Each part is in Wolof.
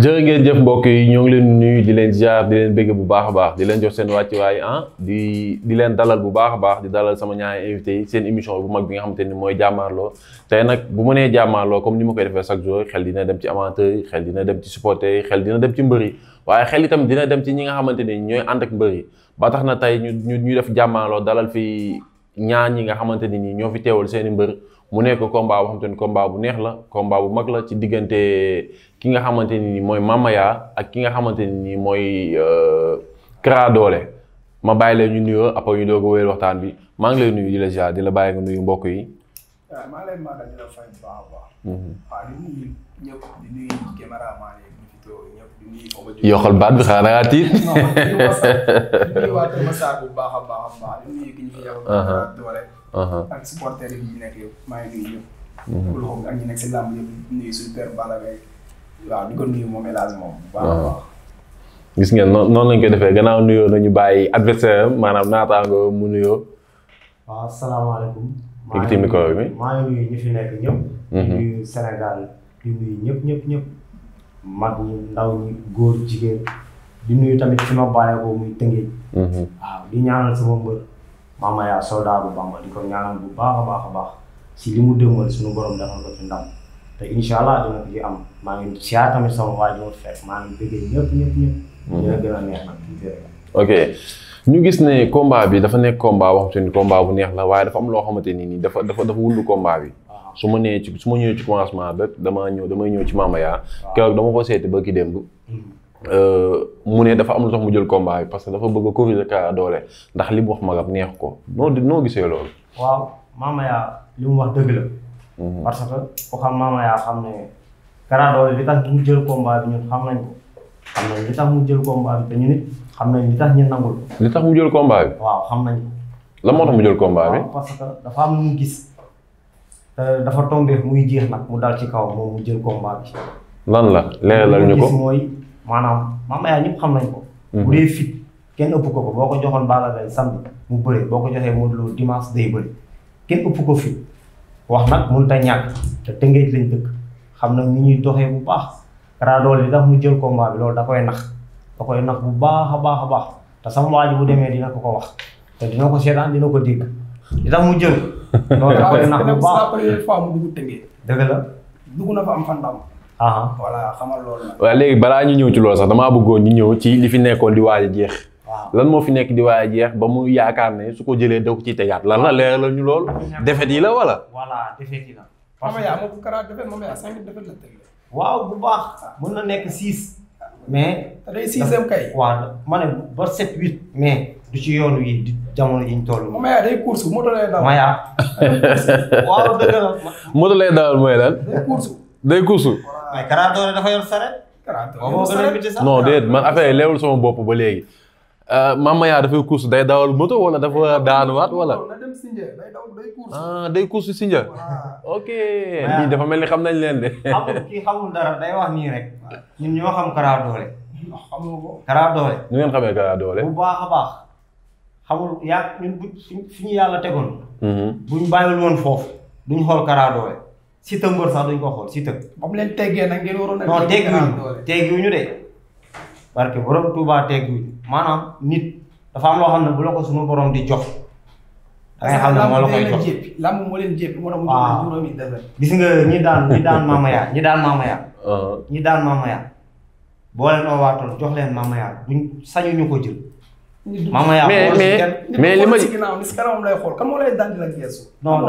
jërë ngeen jëf mbokk yi ñoo ngi leen nuyu di leen ziar di leen bëgg bu baax a baax di leen jox seen wàccuwaay ah di di leen dalal bu baax a baax di dalal sama ñaari invité yi seen émission bu mag bi nga xamante ni mooy jàmmaarloo tey nag bu ma nee jàmmaarloo comme ni ma koy defee chaque jour xel dina dem ci amateurs yi xel dina dem ci supporters yi xel dina dem ci mbër yi waaye xel itam dina dem ci ñi nga xamante ni ñooy ànd ak mbër yi ba tax na tey ñu ñu def jàmmaarloo dalal fi ñaar ñi nga xamante ni ñoo fi teewal seen i mbër mu nekk combat boo xamante ni combat bu neex la komba bu mag la ci diggante ki nga xamante ni mooy Mamaya ak ki nga xamante ni mooy euh, Kara Dollé ma bàyyi la ñu nuyoo après ñu doog a wéyal waxtaan bi maa ngi lay nuyu di la ziar bàyyi nga nuyu mbokk yi. waaw ah, mhm. ah, baat bi xanaa dangaa ak supporters ko nuyu moom élage moom. baax a baax. gis ngeen noonu lañ koy defee gannaaw nuyoo nañu bàyyi adversaire am maanaam naataango mu nuyoo. waaw salaamaaleykum. maa ngi nuyu maa ngi nuyu ñi fi nekk ñëpp. ñëpp ñëpp ñëpp. mag ndaw góor jigéen di nuyu tamit fi ma bàyyeekoo muy tëngee. waaw di ñaanal sama mbër. Mama Yaa soldat bu Bamba di ko ñaanal baax a baax a baax si li mu dëmal suñu borom defal ko ci ndam mhm. ok ñu gis ne combat bi dafa nekk combat boo xamante ni bu neex la waaye dafa am loo xamante nii nii dafa dafa dafa wundu combat bi. su ma nee ci su ma ñëwee ci commencement ba damaa ñëw damay ñëw ci Mama Yaa. waaw dama ko seeti ba ki démb. Mhm. Euh, mu ne dafa am lu tax mu jël combat bi parce que dafa bëgg a corriger Kara Dollé ndax li mu wax magam neex ko noo noo gisee loolu. waaw Mama Yaa li mu wax dëgg la. Mhm. parce que ku xam Mama Yaa xam ne Kara Dollé li tax mu jël combat bi mu jël combat te ñun it xam nañ li tax ñu nangul. li tax mu jël combat bi. waaw xam nañ ko. lan moo tax mu jël combat bi. parce que dafa am lu mu gis dafa tombé muy jeex nag mu dal ci kaw moom mu jël combat bi. lan la leeralal ñu ko maanaam Mama Yaya ñëpp xam nañ ko. Mhm. bu dee fit kenn ëpp ko ko boo ko joxoon Balla Gaye samedi mu bëri boo ko joxee Modou Lo dimanche day bëri kenn ëpp ko fit wax nag mënut a ñàkk te tëngeej lañ dëkk xam nañ ni ñuy doxee bu baax. raadool li tax mu jël combat bi loolu da koy nax da koy nax bu baax a baax a baax te sama waa ji bu demee dina ko ko wax te dina ko seetaan dina ko dégg li tax mu jël. loolu da koy a bu baax dëgg la. dugg na fa am fandam voilà xamal loolu la. waaw léegi balaa ñu ñëw ci loolu sax damaa bëggoon ñu ñëw ci li fi nekkoon di waaj jeex. lan moo fi nekk di waaj a jeex ba mu yaakaar ne su ko jëlee da ko ciy tegaat lan la leer la ñu lool. defet yi la wala. voilà defet yi la. parce que moom bu karaat defet moom yaa cinq defet la teg. waaw bu baax. mën na nekk six. mais. day sixième kay. waaw ma ne ba sept huit. mais du ci yoon wi di jamono ji ñu toll. Maya day course moto lay dawal. Maya. waaw dëgg la. moto lay dawal mooy lan. day day kuusu. mais Kara Dollé dafa yor saret. non déet man affaire yi sama bopp ba léegi. Euh, Mama yaa dafay kuusu day dawal moto wala dafa daanuwaat wala. ah day kuusu Sinja. ok lii dafa mel ni xam nañ leen de. amul kii xamul dara day wax nii rek. ñun ñoo xam Kara Dollé. xamul ngeen xamee Kara Dollé. bu baax a baax. xamul yaa ñun bu fi ñu yàlla tegoon. Mhm. buñ bàyyiwul woon foofu duñ xool Kara Dollé. Siteu mbër sax duñ ko xool Siteu. ba mu leen teggee nag ngeen waroon a. non teggiwuñu teggiwuñu de. parce que borom Touba teggiwuñu maanaam nit dafa am loo xam ne bu la ko suñu di jox. da xam ne moo la koy jox lamb moo leen jéppi moo tax mu juróomi defar ah. gis nga ñi daan ñi daan mamaya ñi daan mamaya ah. ñi daan mamaya boo leen oowaatoon sañu ñu ko maama yaa mais li ma ah, si kanam lay moo lay dandi la geesu. a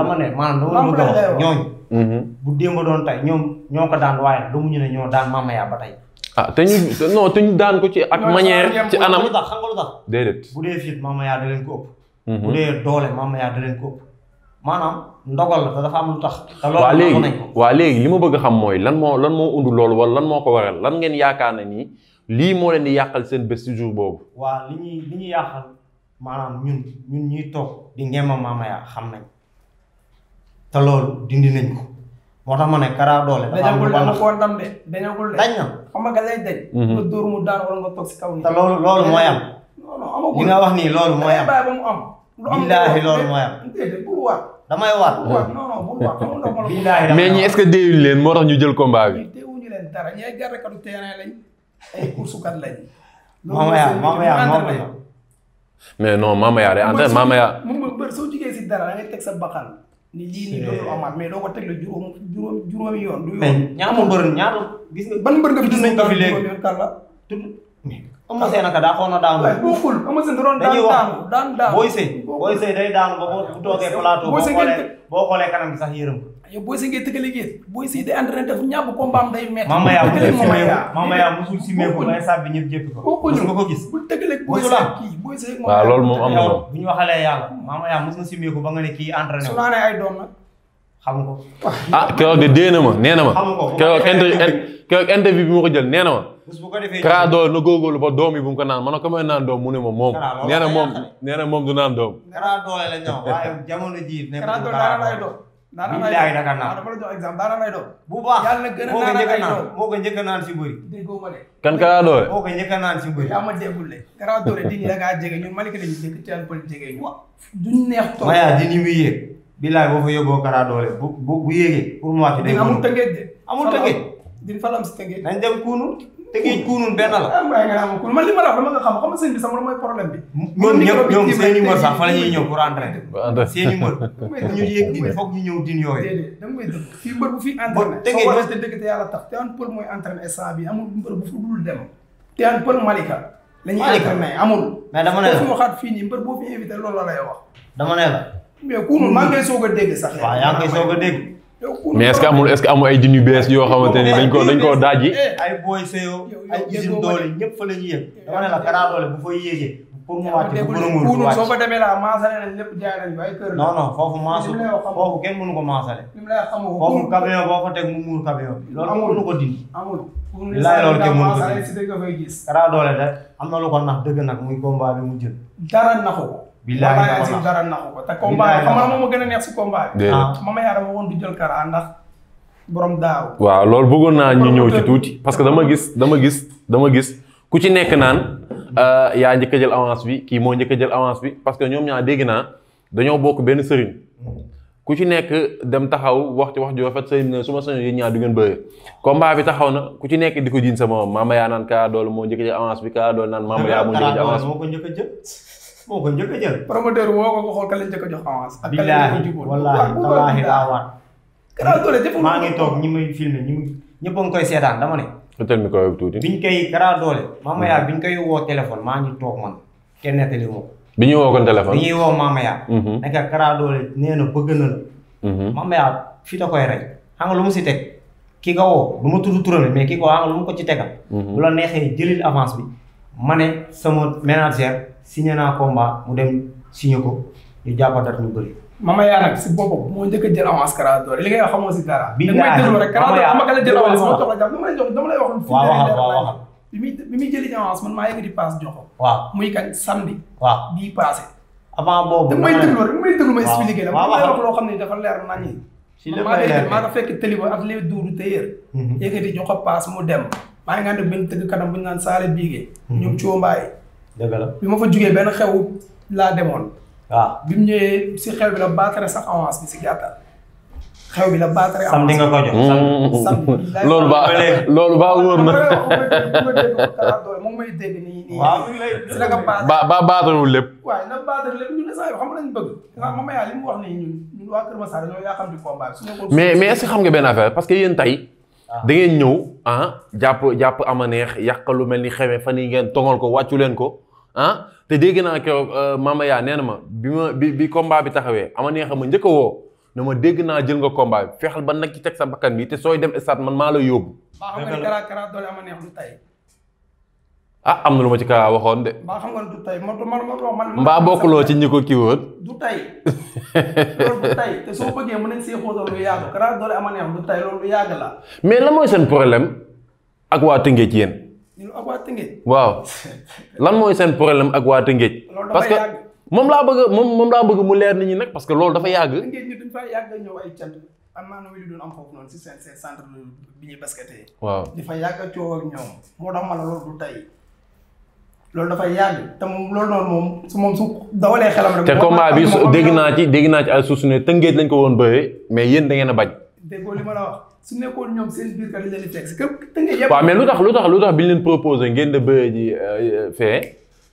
mhm. doon tey ñoom ñoo ko daan waaye lu mu ñu ne ñoo daan maama yaa ba tey. ah te ñu non te daan ko ci ak manière ci anam. xam déedéet. bu dee fit maama yaa da ko ëpp. Mhm. bu dee doole maama ko ëpp. maanaam ndogal la dafa am lu tax. te loolu nañ ko waaw léegi waaw léegi li ma bëgg a xam mooy lan moo lan moo undu lool wala lan moo ko waral lan ngeen yaakaar ne nii. lii moo leen di yàqal seen bés ci jour boobu. waaw li ñuy yàqal maanaam ñun ñun ñuy toog di ngema maama xam nañ te loolu dindi nañ ko moo tax ma ne Kara Dollé. dafa am lu baax dañ na dañ na. xam nga lay dañ. Mhm. nga dóor mu daan wala nga toog si kaw nii. te loolu loolu mooy am. li nga wax nii loolu mooy am. billaahi loolu mooy am. mais ñi est-ce leen moo tax ñu jël combat bi. déewuñu leen dara ñee gàrrekatu terrain lañ ay kursukat lañ. Mamaya Mamaya Mamaya. mais non Mamaya de entraîne Mamaya. moom mooy bëri soo jugee si dara da ngay teg ni lii nii dootul amaat mais doo ko teg la juróom juróom yoon. du yoon ñaar mu bëri ñaar gis nga ban mbër nga fi gis nañ ko fi léegi. Eumeu Sène naka daa xawoon na daanu. waaye bokkul Eumeu boo xoolee boo xoolee kanam gi sax yërëm ko. yow Boy Sèye ngay tëgale gi Boy Sèye day entraîné def ñàbb kombaam day métti. Mama Yaa musul simeeku Mama Yaa musul simeeku ba instant bi ñëpp nga ko kii Boy ne kii xam ko ah keroog de dee ma nee ma keroog interview bi ma ko jël nee ma bu ko defee Kara na góorgóorlu ba doom yi bu mu ko naan man ko may naan doom mu ne ma moom. nee na moom nee na moom du naan doom. Kara Dollé la ñëw waaye jamono jii. nekk Kara Dollé dara lay doon. dara lay doon dama la jox exemple dara lay doon. bu baax yàlla na gën a naan lay doon moo ko njëkk a naan si mbëri. déggoo ma de. kan Kara Dollé. moo ko njëkk a naan si mbëri. yaa ma déggul de Kara Dollé di la gaa jege ñun Malick lañu jëkk teel pël jege ñu. duñ neex toog maya di ni muy yéeg. bilaay boo fa yóbboo Kara Dollé bu bu bu yéegee pour mu wàcc. amul tëngeej de amul tëngeej. di falam si tëngeej. nañ dem kuunu te ngay kuunun benn la. ah waaye nga naan kuun man ma la bi sama mooy ñoom ñëpp ñoom seen i mër sax fa la ñuy ñëw pour entraîner. pour entraîner seen i mër. ñu yéeg din din yooyu. déedéet da nga koy dëgg fii mbër bu fi entraîner. te ngeen soo war a te dëgg te yàlla an pël mooy entraîner ne la foofu waxaat fii la lay wax. la. mais kuunun maa ngi koy soog sax. yaa ngi koy soog mais est-ce amul est-ce que amul ay din yu bees yoo xamante ni dañ ko dañ koo daaj yi ay booy seyo ay usine doole ñëpp fa la ñuy yëg dama ne la pour mu wàcc bu gën a muur du wàcc soo ko demee laa maasale nañ lépp jaay ba ay kër non non foofu maasu foofu kenn mënu ko maasale foofu ko teg mu muur camion bi loolu ko dindi amul loolu kenn mënu ko dindi dara doole de am na ko nax dëgg nag muy combat bi mu jël dara ko bilaay si dara naxu ko te ah, jël kara ndax borom daaw waaw loolu bëggoon naa ñu ñëw ci tuuti parce que dama gis dama gis dama gis ku ci nekk naan euh, yaa njëkk jël avance bi kii moo njëkk a jël avance bi parce que ñoom ñaa dégg naa dañoo bokk benn sëriñ ku ci nekk dem taxaw wax ci wax ju rafet sëriñ su ma sañoon yéen ñaar du ngeen bëre combat bi taxaw na ku ci nekk di ko jiin sa moom maama yaa naan kaa doolu moo njëkk a jël moo a jël avance ko njëkk a jël promoteur woo ko ko xool ka lañ njëkk jox avance ak billaahi wallaahi wallaahi maa ngi toog ñi muy filmé ñi ñëpp koy seetaan dama ne fëtal micro bi tuuti. biñ koy Kara Dollé. Mamaya mm-hmm. koy woo téléphone maa ngi toog man kenn nettali ma ko. bi ñuy woo kon téléphone. bi ñuy woo Mamaya. Mm-hmm. nekk Kara Dollé nee na bëgg na la. Mm-hmm. Mamaya fii da koy rey xam lu mu si teg ki nga woo du ma tudd turam mais ki nga woo lu mu ko ci tegal. bu la neexee jëlil avance bi ma ne sama manager signé naa combat mu dem signé ko ñu jàppandat ñu bëri. mama yaa nag si boppam moo jëkk a jël avance Kara Dollé li ngay wax xamoo si dara. bii yaa ngi rek Kara ma la jël ma toog a jàpp dama bi muy man maa yëg di paas jox muy kañ samedi. waaw paase. avant boobu may déglu rek may déglu ma expliqué la. waaw waaw wax loo xam ne dafa leer fekk tëli ba lee duuru te yër. Mhm. yëkkati jox ko paas mu dem. maa ngi ànd benn tëgg kanam bu ñu naan saale biige. Mhm. ñoom Thio Mbaye. bi ma fa jugee benn xew laa demoon waaw ñëwee si xew bi la baatare sax avance mm. loolu ba wóor na. moom mooy dégg nii mais mais est xam nga benn affaire parce que yéen tey. Ah. da ngeen ñëw ah jàpp jàpp ama neex yàq lu mel ni xewee fan yi ngeen tongal ko wàccu leen ko. Ah? te dégg naa keroog euh, Mama yaa nee na ma bi ma bi bi combat bi taxawee ama neexa ma njëkk a woo na ma dégg naa jël nga combat bi fexeel ba nag ci teg sa bakkan bi te sooy dem stade man maa la yóbbu. baa xam nga ah, ci Kara waxoon de. baa xam du tey soo bëggee mën nañ see xoolal lu yàgg Kara doole ama neex du tey loolu lu yàgg la. mais lan mooy seen problème ak waa Tëngéej ci yéen. waaw lan mooy seen problème ak waa Tëngéej. parce que moom laa bëgg moom moom laa bëgg mu leer nit ñi nag parce que loolu dafa yàgg. am naa lu doon si seen bi ñuy basketee. waaw dafa a coow moo tax ma tey loolu dafa yàgg te moom loolu noonu moom su su dawalee xelam rek. te combat bi dégg naa ci dégg naa ci ay suuf ne tëngeej lañ ko woon bëyee mais yéen da ngeen a bañ. déggoo li ma la wax su nekkoon ñoom seen biir kat dañ leen kër tënkee yëpp. waaw lu tax lu tax lu tax bi ñu leen proposé ngeen di bëre ji euh, fee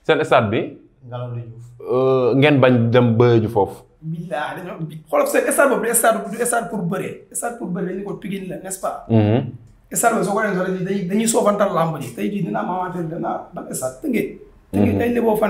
seen stade bi. ngelaw euh, ngeen bañ dem bëre ji foofu. billaah dañoo xoolal seen stade boobu du stade du stade pour bëree stade pour bëree dañu ko Pikine la n'est-ce pas. Mm-hmm. stade bi soo ko defee dañuy dañuy soofantal làmb ji tey jii dina am avantage fa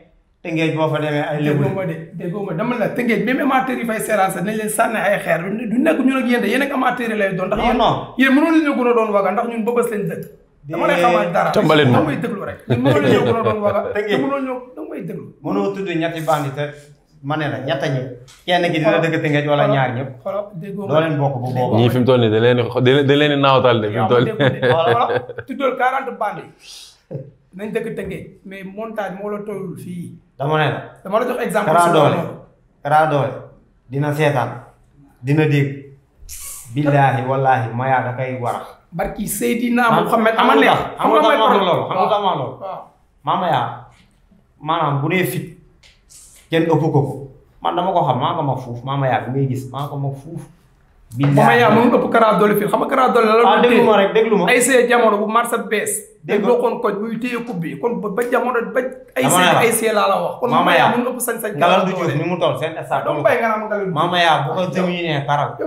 tëngeej boo fa demee ay lébu déggoo ma de déggoo ma dama la tëngeej même amateur yi fay seeraan sax nañ leen sànni ay xeer du nekk ñun ak yéen de yéen ak amateur yi lay doon ndax yéen yéen mënoon leen gën a doon waga ndax ñun bëbës leen dëkk dama lay xamal dara tàmbaleen moom damay déglu rek mënoon leen gën a doon waga tëngeej mënoon ñoo damay déglu mënoo tudd ñetti bandi te ma ne la ñett ñi kenn gi dina dëkk tëngeej wala ñaar ñëpp doo leen bokk bu boobaa ñii fi mu toll nii da leen da leen naawtal de fi mu toll nii tuddal 40 bandi nañ dëkk tëngeej mais montage moo la tollul fii dama ne la. dama la jox exemple. Kara Dollé Kara Dollé dina seetaan dina dégg. billaahi wallaahi mayaa da kay warax. barki Seydina Muhammad ama neex. ma loolu. maa mayaa maanaam fit kenn ëpp ko ko man dama ko xam maa ko ma fuuf maa mayaa bi ngay gis maa ko ma fuuf. Mama yaa moom ëpp Kara Dollé fii xam nga Kara Dollé la ah déglu ma rek déglu ma ay see jamono bu bi kon ba jamono ba ay see ay see laa la wax kon Mama yaa moom ëpp sañ-sañ mu toll seen instant doo bàyyi bu ko jëmuñu ne paral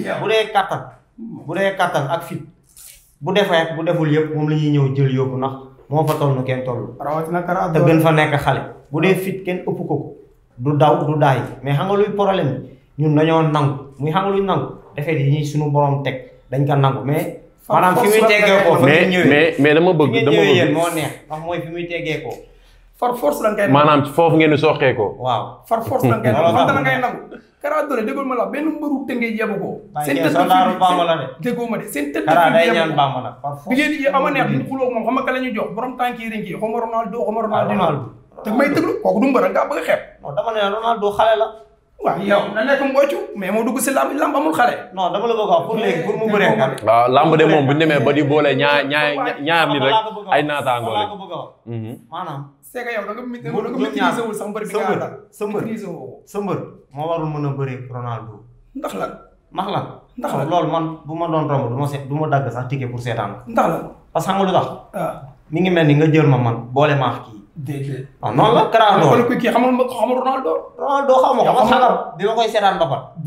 yow tax bu dee kattan bu dee kattan ak fit bu defee bu deful yëpp moom la ñuy ñëw jël yóbbu ndax moo fa toll nu kenn toll. rawatina Kara te gën fa nekk xale. bu dee fit kenn ëpp ko ko. du daw du daay mais xam nga luy problème ñun dañoo nangu muy xam nga luy nangu defee di ñuy suñu boroom teg dañ ko nangu mais. maanaam fi muy teggee ko fa ngeen ñëwee mais mais dama bëgg dama bëgg yéen moo neex ndax mooy ko. far force maanaam foofu ngeen di ko. waaw far force nangu Kara Dollé déggoo ma la benn mbëru tëngee yebu ko. seen tënk fi déggoo ma de seen tënk fi yebu ko bi ngeen di ama neex ma Ronaldo ma ah, Ronaldo te may tëglu kooku du mbër ah, nga bëgg a xeeb. non waaw yow na nekk mboccu mais mu dugg si lamb lamb amul xale. non dama la bëgg wax pour léegi bëree nga. waaw lamb de moom bu ñu demee ba di boole ñaar ñaar ñaar nit rek ay naataangoo lañ. Mhm. maanaam. c'est que nga maîtriser wul sa mbër bi nga la sa mbër sa mbër moo warul mën a bëree Ronaldo. ndax la ndax la ndax loolu man bu ma doon romb du ma seet du ma dagg sax ticket pour seetaan ko. ndax la parce que xam nga lu ah. mi ngi mel ni nga jël ma man boole maax kii. déedéet. ah noonu la Kara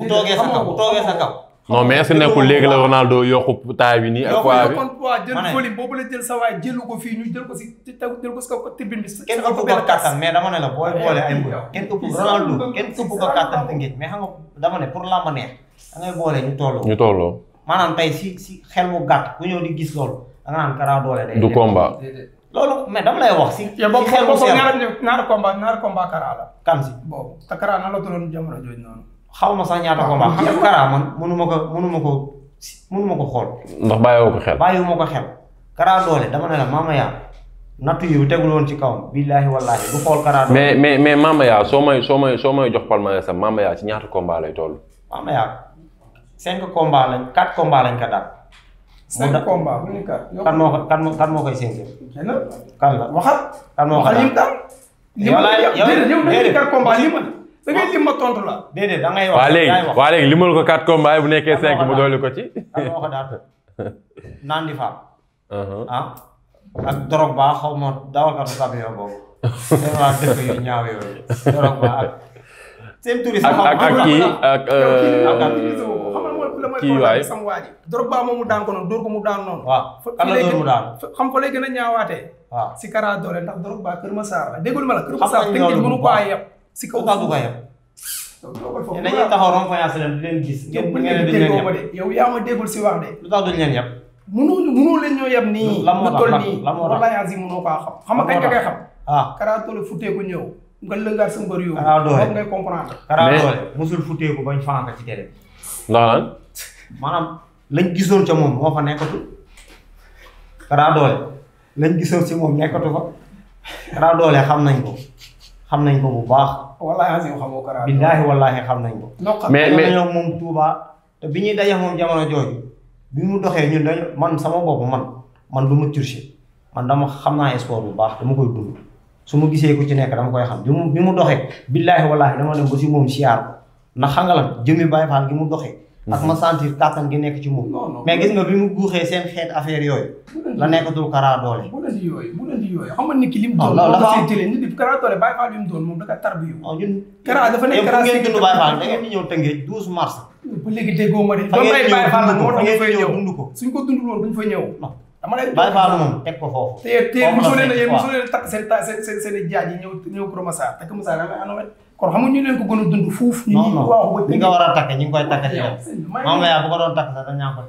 Ndor mais est ce léegi la Ronaldo yokku taay bi nii bi. ma ne la jël sa waay ko fii te ngeen mais xam nga dama ne da ngay boole ñu ñu tolloo Doole du combat loolu mais dama lay wax si. si xeeru seer boobu boobu ñaari la. kan si boobu te Kara nan la doon jamono jooju noonu. xaw ma sax ñaata combat xam man mënuma ko mënuma ko mënuma ko xool. ndax bàyyiwoo ko xel bàyyiwuma ko xel. Kara doole dama ne la Mama Yaa nattu yi bu tegul ci kaw billaahi wallaahi du xool Kara mais mais mais Mama Yaa soo may soo may soo may jox palmarès sax Mama Yaa ci ñaata combat lay toll. Mama Yaa cinq combat lañ quatre combat cinq combats moo ko kan moo koy cinquième. kan la waxal. kan moo ko daan eh, da lim ma tontu la. déedéet da ngay wax waaw léegi waaw léegi limal ko quatre combats bu nekkee cinq mu dolli ko ci. kan moo ko daan Nandi Fall. Uh-huh. ah ak Drogba xaw ma dawalkatu camion boobu. c'est vrai dëkk yu ñaaw yooyu Drogba ak. ak ak kii ak. kii waay sama waa ji Drogba moom mu daan ko noonu dóor ko mu daan noonu waaw kan la dóor mu daan xam fa lay gën a ñaawaatee waaw si Kara Dollé ndax Drogba Kër Massar la déggul ma la Kër Massar te ngeen mënu ko yeb si kaw ko ko yeb dañuy taxaw rom fayaas leen di leen gis ngeen ngeen di leen yeb yow yaa ma déggul si wax de lu tax duñ leen yeb mënoo mënoo leen ñoo yeb nii lu toll nii wallaay asi mënoo kaa xam xam nga kañ nga koy xam ah, ah. Kara Dollé futteeku ñëw nga lëngaat sa mbër yow ngay comprendre Kara Dollé musul futteeku bañ fanka ci télé ndax maanaam lañ gisoon ca moom moo fa nekkatu Kara Dollé lañ gisoon ci moom nekkatu ko Kara Dollé xam nañ ko xam nañ ko bu baax. wallaahi xamoo Kara Dollé billaahi wallaahi xam nañ ko. mais mais ñoom moom Touba te bi ñuy daje moom jamono jooju bi mu doxee ñun dañu man sama bopp man man du ma tursi man dama xam naa sport bu baax dama koy dund su ma gisee ku ci nekk dama koy xam bi mu bi mu doxee billaahi wallaahi dama dem ko si moom siyaar ko ndax xam nga lan jëmmi Baay Faal gi mu doxee. ak ma sentir kàttan gi nekk ci moom. mais gis nga bi mu guuxee seen xeet affaire yooyu. la nekkatul karaa karaa doole bàyyi faa lim doon moom dafa tarbiyu. karaa dafa nekk ngeen dund bàyyi faa da ngeen di ñëw tëngee douze mars. ba léegi fa ngeen di ñëw dund ko suñ ko dund loolu duñ fa ñëw. dama moom teg ko foofu. kon xam leen ko gën a dund fuuf. ñu ñu nga war a takk ñu ngi koy takk ci yow. moom bu ko doon takk sax dañ naan ko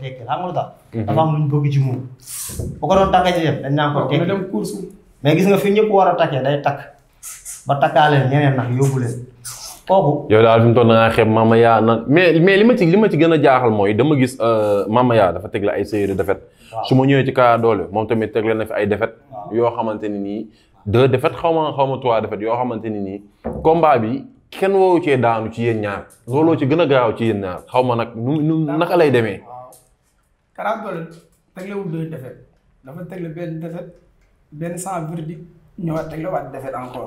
tekkil xam mhm. mais gis nga fi ñëpp war a takkee day takk ba takkaaleen ñeneen nag yóbbu mais li ma ci li ma ci gën a jaaxal mooy dama gis euh, Mama dafa tegle ay série defet su ma ñëwee ci kaa doole moom tamit tegle na fi ay defet yoo xamante ni nii deux défaites xaw ma xaw ma trois défaites yoo xamante ni nii combat bi kenn woowu cee daanu ci yéen ñaar looloo ci gën a gaaw ci yéen ñaar xaw ma nag nu nu naka lay demee.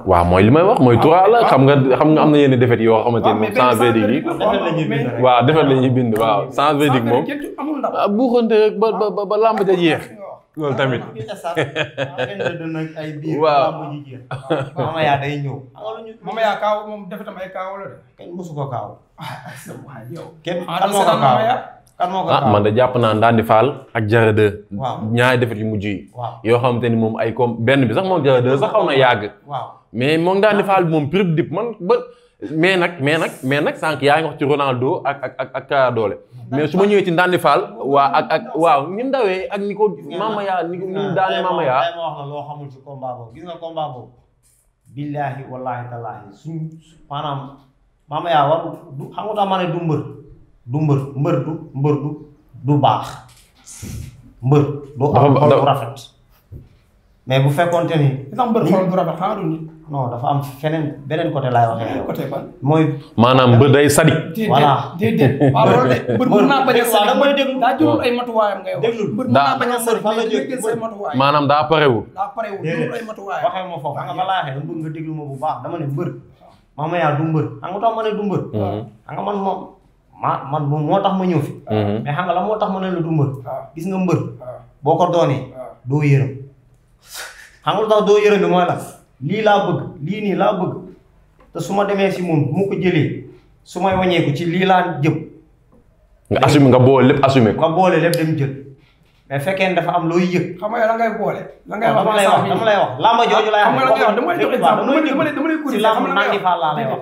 waa mooy li may wax mooy trois la xam nga xam nga am na yenn defet yoo xamante ni moom sans verdict yi. waaw défaite la ñuy bind waaw sans verdict moom. amul buuxante ba ba ba làmb ja jeex. loolu ah, tamit waaw mama yaa day ñëw ah, mama yaa kaaw moom def tam ay kaaw la de kenn mësu ko kaaw kenn ah, man de jàpp naa Ndandi Fall ak Jara 2 ñaari defet yu mujj yi yoo xamante ni moom ay comme benn bi sax moom Jara 2 sax xaw na yàgg mais moom Ndandi Fall moom prib dip man ba mais nag mais nag mais nag sànq yaa ngi wax ci Ronaldo ak ak ak ak Kara Dollé mais su ma ñëwee ci Ndandi Fall waa ak ak waaw ni mu dawee ak ni ko Mama Yaa ni ko ni mu daane Mama Yaa ma wax la loo xamul ci combat boobu gis nga combat boobu billaahi wallaahi tallaahi suñ maanaam Mama Yaa war du xam nga daa ma ne du mbër du mbër mbër du mbër du du baax mbër du am xol bu rafet mais bu fekkoonte ni ndax mbër xol bu rafet xaaru nit non dafa am beneen côté laay waxee. maanaam mbër day sadik. voilà déedéet waaw daa jëlul ay matuwaayam ngay mbër mën naa bañ a maanaam daa parewul. daa parewul jëlul mbër ma bu baax dama ne mbër. yaa du mbër xam ma ne mm-hmm. man moom ma man moom moo tax ma ñëw fi. Mm-hmm. mais la moo tax ma ne la du mbër. Ah. gis na mbër ah. boo ko doonee ah. doo yërëm xam nga doo yërëm bi mooy la lii laa bëgg lii nii laa bëgg te su ma demee si moom mu ko jëlee su may wañeeku ci lii laa jëm. nga assumé nga boole lépp assumé ko. nga boole lépp dem jël mais fekkee ne dafa am looy yëg. xam nga la ngay boole. la ngay wax dama lay wax lamba jooju ah, lay wax. dama lay wax dama lay dama lay dama lay kuréel dama lay wax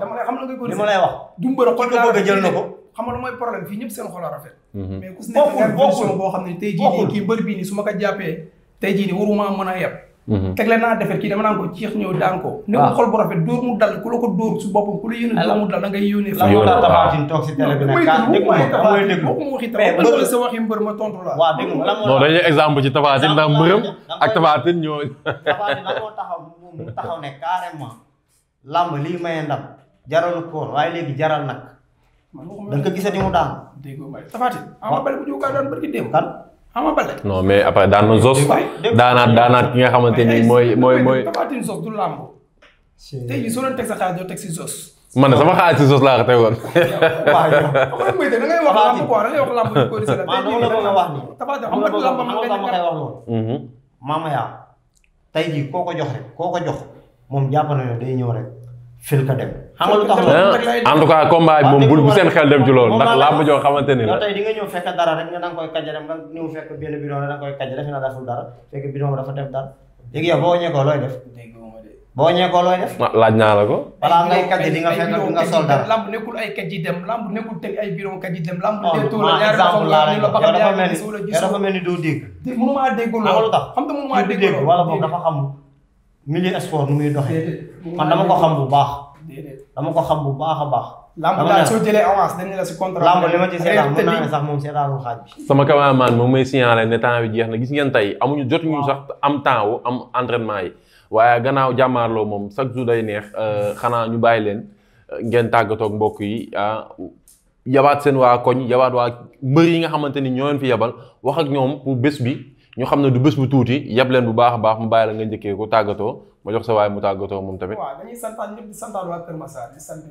dama lay jël na ko. xam nga mooy problème fii ñëpp seen xol a rafet. Mhm. mais ku si nekk boo xam ne tey jii nii kii mbër bii nii su ma ko jàppee tey jii nii waruma mën a yeb Mhm. tegle naa defet kii dama naan ko ciix ñëw daan ko ah. ne ko xol bu rafet dóor mu dal ku la ko su boppam ku la yónnee da ngay yónnee la moo tax tabaatin toog si télé bi nag mooy dégg boo ko waxi tabaatin sa waxi mbër ma tontu la waaw dégg non dañuy exemple taxaw mu taxaw ne carrément lii maye ndam jaral koor waaye léegi jaral nag da nga ko mu daan dégg nga tabaatin bu ñu kaa daan barki démb kan Ama ah, Baldé non mais après daan na Zos. daanaat daanaat ki nga xamante ni mooy mooy mooy. tabaatini Zos du làmb. tey jii soo sama xaalis Zos laa ko tegoon. waaw yow xam nga da ngay wax làmb quoi jii la mhm. jox rek koo jox moom jàpp na ne day fil ka dem. xam nga lu tax en tout cas combat bi moom bu seen xel dem ci loolu. ndax làmb joo xamante ni la. tey di nga ñëw fekk dara rek nga danga koy kàjj dem nga ñëw fekk benn bidon rek danga koy kàjj def na deful dara fekk bidon dafa def dara léegi yow boo ñeekoo looy def. boo ñeekoo looy def. laaj naa la ko. balaa ngay kàjj di nga fekk nga sol dara. lamb nekkul ay kàjj dem lamb nekkul teg ay bidon kàjj dem. lamb oh, nekkul ñaari façon la ñu la ba xam ne yaa ngi gis wala gisul. yow dafa mel ni doo dégg. dégg mënu maa dégg loolu. xam nga mënu maa dégg loolu wala boog dafa xamul milieu sport nu muy doxee. man dama ko xam bu baax. dama ko xam bu baax a baax. lamb daal soo jëlee avance dañ la si contrat. lamb li ma ci sax moom seetaanul xaaj bi. sama cameraman moom may signaler ne temps bi jeex na gis ngeen tey amuñu jotuñu sax am temps am entraînement yi waaye gannaaw jàmmaarloo moom chaque jour day neex euh, xanaa ñu bàyyi leen euh, ngeen tàggatook mbokk yi ah yabaat seen waa koñ yabaat waa mbër yi nga xamante ni ñoo leen fi yabal wax ak ñoom bés bi. ñu xam ne du bés bu tuuti yab leen bu baax a baax mu bàyyi la nga njëkkee ko tàggatoo ma jox sa waay mu tàggatoo moom tamit. waaw dañuy santaat ñëpp di santaat waa Kër Massar di sant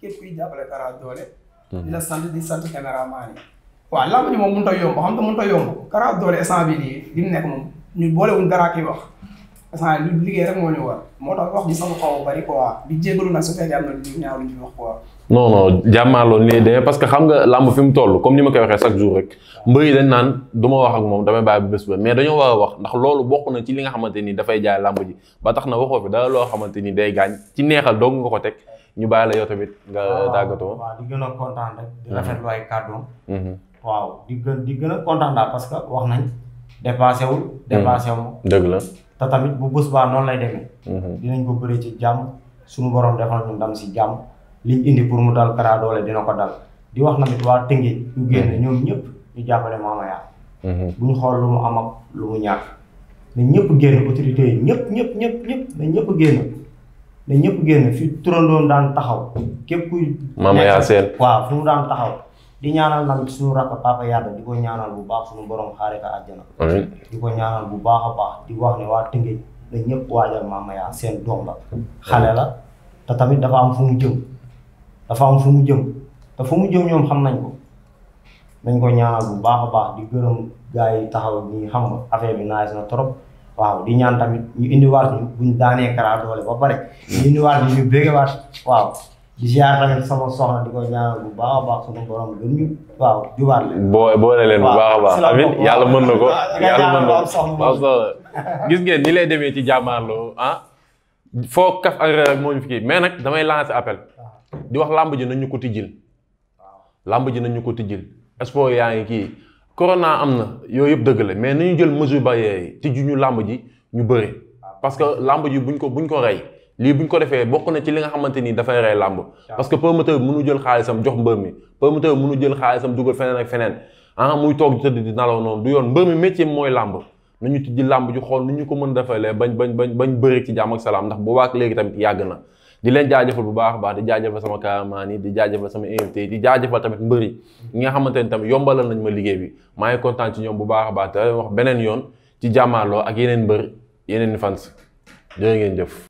képp kuy jàppale Kara Dollé. Hmm. di la sant di sant caméraman yi. ji moom mënut a yomb xam nga mënut a yomb Kara Dollé instant bii nii mu nekk moom ñu boolewuñ dara ki wax instant liggéey rek moo ñu war moo tax wax ji sama xaw bari quoi di jégalu nag su fekkee am na lu ñaaw lu ñu wax quoi. non non jàmmaaloo nii demee parce que xam nga làmb fi mu toll comme ni ma koy waxee chaque jour rek mbër dañ naan du ma wax ak moom damay bàyyi bés ba mais a wax ndax loolu bokk na ci li nga xamante ni tax na waxoo fi dara loo xamante ni day gaañ ci neexal dong nga ko teg ñu bàyyi la tamit nga tàggatoo. waaw di gën a kontaan rek. di rafetlu ay mhm. gën a kontaan parce que wax nañ mhm. dépassé wu dëgg la te tamit bu bés baa noonu lay demee. Mhm. dinañ ko bëree ci jàmm suñu borom defal ñu ndam si jàmm liñ indi pour mu dal Kara Dollé dina ko dal di wax namit waa Tëngéej ñu génn mm-hmm. ñoom ñëpp ñu jàppale Mama Yacine bu ñu xool lu mu am ak lu mu ñàkk na ñëpp génn yi ñëpp ñëpp ñëpp ñëpp na ñëpp na ñëpp génn fi turandoon daan taxaw képp ku Mama Yacine waaw fi mu daan taxaw di ñaanal nag suñu ñaanal bu baax suñu borom xaare ka àjjana di ko ñaanal bu baax a baax di wax ne waa Tëngéej na ñëpp waajal Mama Yacine seen doom la xale la te tamit dafa am fu mu jëm dafa am fu mu jëm te fu mu jëm ñoom xam nañ ko nañ ko ñaanal bu baax a baax di gërëm gars taxaw ñi xam nga affaire bi naaj na trop waaw di ñaan tamit ñu indiwaat ñu buñ daanee Kara Dollé waaw di ziar tamit sama soxna di ko ñaanal bu baax baax suñu borom gën ñu waaw jubaat leen. bu baax baax. amin yàlla mën na ko ah, yàlla mën na ko gis ngeen ni lay demee ci jàmmaarloo ah. foo kaf ak rek moo mais nag damay lancer appel. di wax làmb ji nañu ko tijjil làmb ji nañu ko tijjil espoir yaa ngi kii corona am na yooyu yëpp dëgg la mais nañu jël mesure barrière yi tijju ñu làmb ji ñu bëre parce que làmb ji buñ ko buñ ko rey lii bu buñ ko defee bokk na ci li nga xamante ni dafay rey làmb parce que promoteur bi mënu jël xaalisam jox mbër mi promoteur bi mënu jël xaalisam dugal feneen ak feneen ah muy toog tëdd di nalaw noonu du yoon mbër mi métier mooy làmb nañu tijji làmb ji xool nu ñu ko mën defalee bañ bañ bañ bañ bëri ci jàmm ak salaam ndax boobaak léegi tamit yàgg na di leen jaajëfal bu baax a baax di jaajëfal sama caméraman yi di jaajëfal sama invité di jaajëfal tamit mbër nga xamante ne tamit yombalal nañ ma liggéey bi maa ngi kontaan ci ñoom bu baax baax te wax beneen yoon ci jàmmaarloo ak yeneen mbër yeneen fans jërë ngeen jëf